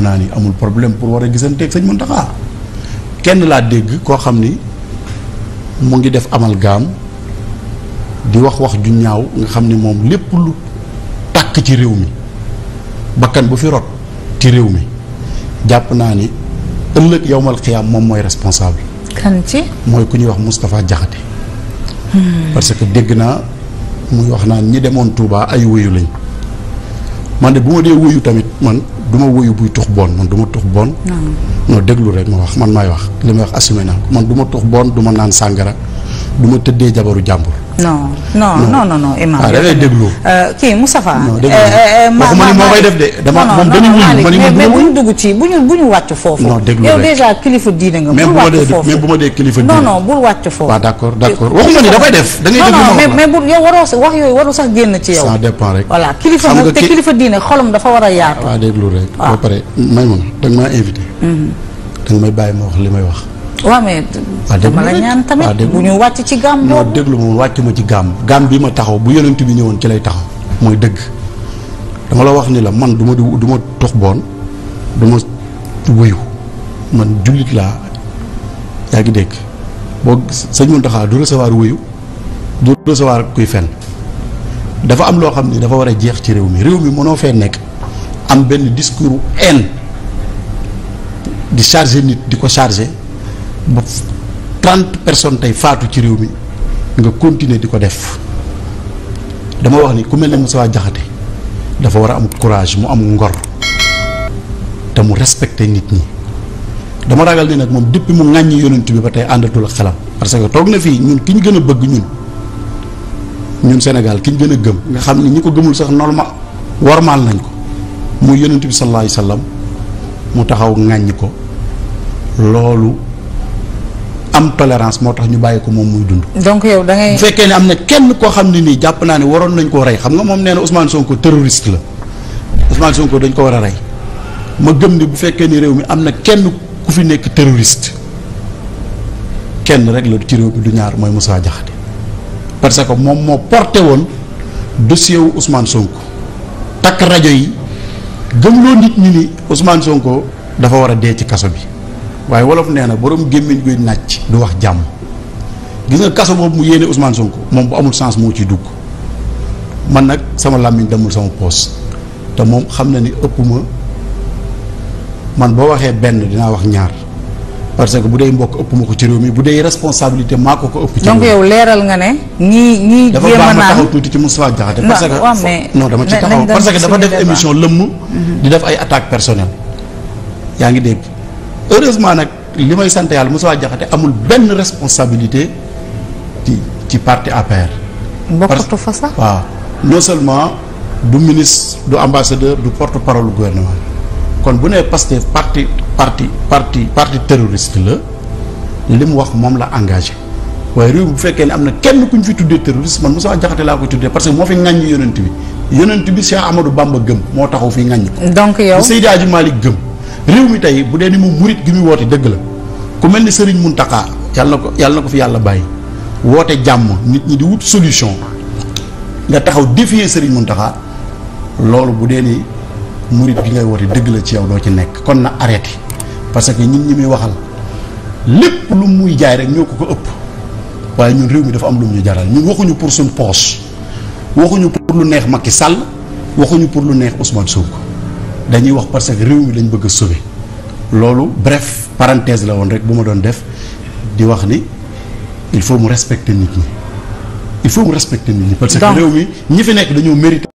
naa ni amul problème pour wara gisante ak sëñ muntaha kenn la dégg ko xamni ni mu ngi def gam di wax wax ju ñaaw nga xamni mom lepp lu tak ci rew mi bakkan bu fi rot ci rew mi japp naa ni yowmal qiyam mom moy responsable. kan ci moy ku ñu wax Moustapha jaxate hmm. parce que dégg na muy wax naan ñi demone Touba ay wéyu lañu man de bu ma dee wuyu tamit man du ma wuyu buy tux bon man du ma tux bon. Ah. non déglu rek ma wax man maay wax li may wax assumé naa man duma ma tux bon du ma naan sàngara não não não jabaru não non non non non non Imaam. Ah, waaw da ngay déglu. Euh, kii Moustapha. non euh, déglu euh, waxuma ni não def de. dama man benn wuñ ma ni mais bu dugg ci bu ñu bu ñu yow déjà kilifa diine nga. bul wàcc foofu même bu ma dee kilifa diine. non non bul wàcc foofu. waaw d' accord waxuma ni da koy def. da ngay déglu non mais mais bu yow waroo sax wax yooyu warul sax génn ci yow. ça dépend rek. voilà kilifa nga te kilifa diine xolam dafa war a yaatu. waaw déglu rek. waaw ba pare may ma da nga invité. Mhm. da nga may bàyyi ma wax li may wax waaw mais dama la ñaan tamit bu ñu wàcc ci gàmm non déglu ma wàccuma ci gàmm gàmm bi ma taxaw bu yonent bi ñëwoon ci lay taxaw mooy dëgg dama la wax ni la man du ma du ma tox boon du ma man jullit laa yaa ngi dégg boo sëñ du recevoir wëyu du recevoir kuy fen dafa am loo xam dafa war a jeex ci réew mi réew mi mënoo fee nekk am bu 30 personnes tay faatu ci réew mi nga continuer diko def dama wax ni ku melni musa Moussa Diakhaté dafa wara am courage mu am ngor te mu respecter nit ñi dama ragal ni nak mom depuis mu ngagne yonent bi ba tey àndatul ak parce que tok na fi ñun kiñ gëna bëgg ñun ñun Sénégal kiñ gëna gëm nga xam ni ñiko gëmul sax normal warmal nañ ko mu yonent bi sallallahu alayhi wasallam mu taxaw ngagne ko lolu am tolérance moo tax ñu bàyyi ko moom muy dund. donc yow da ngay. bu fekkee ne am na kenn koo xam ne nii jàpp naa ne waroon nañ koo rey xam nga moom nee na Sonko terroriste la Ousmane Sonko dañ ko war a rey ma gëm ni bu fekkee ni réew mi am na kenn ku fi nekk terroriste kenn rek la ci réew mi du ñaar mooy Moussa Diakhaté parce que moom moo porté woon dossier wu Ousmane Sonko takk rajo yi gëmloo nit ñi ni Ousmane Sonko dafa war a dee ci kaso bi. waaye wolof nee na borom gémmiñ guy nàcc du wax jàmm gis nga kaso boobu mu yéene Ousmane Sonko moom bu amul sens moo ci dugg man nag sama làmmiñ demul sama poos te moom xam na ni ëpp ma man boo waxee benn dinaa wax ñaar parce que bu dee mbokk ëpp ma ko ci réew mii bu dee responsabilité maa ko ko ëpp. ci donc yow leeral nga ne. ñii ñii jéem a dafa baax tuuti ci Moustapha Diakhaté. parce que non dama ci taxaw parce que dafa def émission lëmm. Mhm. di def ay attaques personnelles yaa ngi dégg. heureusement nak limay sante yalla musa jaxate amul ben responsabilité ci ci parti APR. bokkatu fa sax wa non seulement du ministre du ambassadeur du porte-parole du gouvernement kon bu nee Pastef parti parti parti parti terroriste le lim wax mom la engagé way rew bu fekkee ne am kenn kuñ fi tuddé terroriste man musa jaxate la ko tuddé parce que mo fi ngagne yonent bi yonent bi Cheikh Amadou Bamba gem mo taxaw fi ngagne donc yow Seydi Hadji gem réew mi tey bu dee ni mu murit gi muy woote dëgg la ku mel ni Serigne Mountakha yàlla na ko yàlla na ko fi yàlla bàyyi woote jàmm nit ñi di wut solution nga taxaw défier Serigne Mountakha loolu bu dee ni murit gi ngay woote dëgg la ci yow doo ci nekk kon na arrêté parce que ñun ñi muy waxal lépp lu muy jaay rek ñoo ko ko ëpp waaye ñun réew mi dafa am lu mu ñu jaral ñun waxuñu pour suñ poche waxuñu pour lu neex Macky Sall waxuñu pour lu neex Ousmane Sonko dañuy wax parce que réew mi lañ bëgg a sauver loolu bref parenthèse la woon rek bu ma doon def di wax ni il faut mu respecter nit ñi il faut mu respecter nit ñi parce que réew mi ñi fi nekk dañoo mérité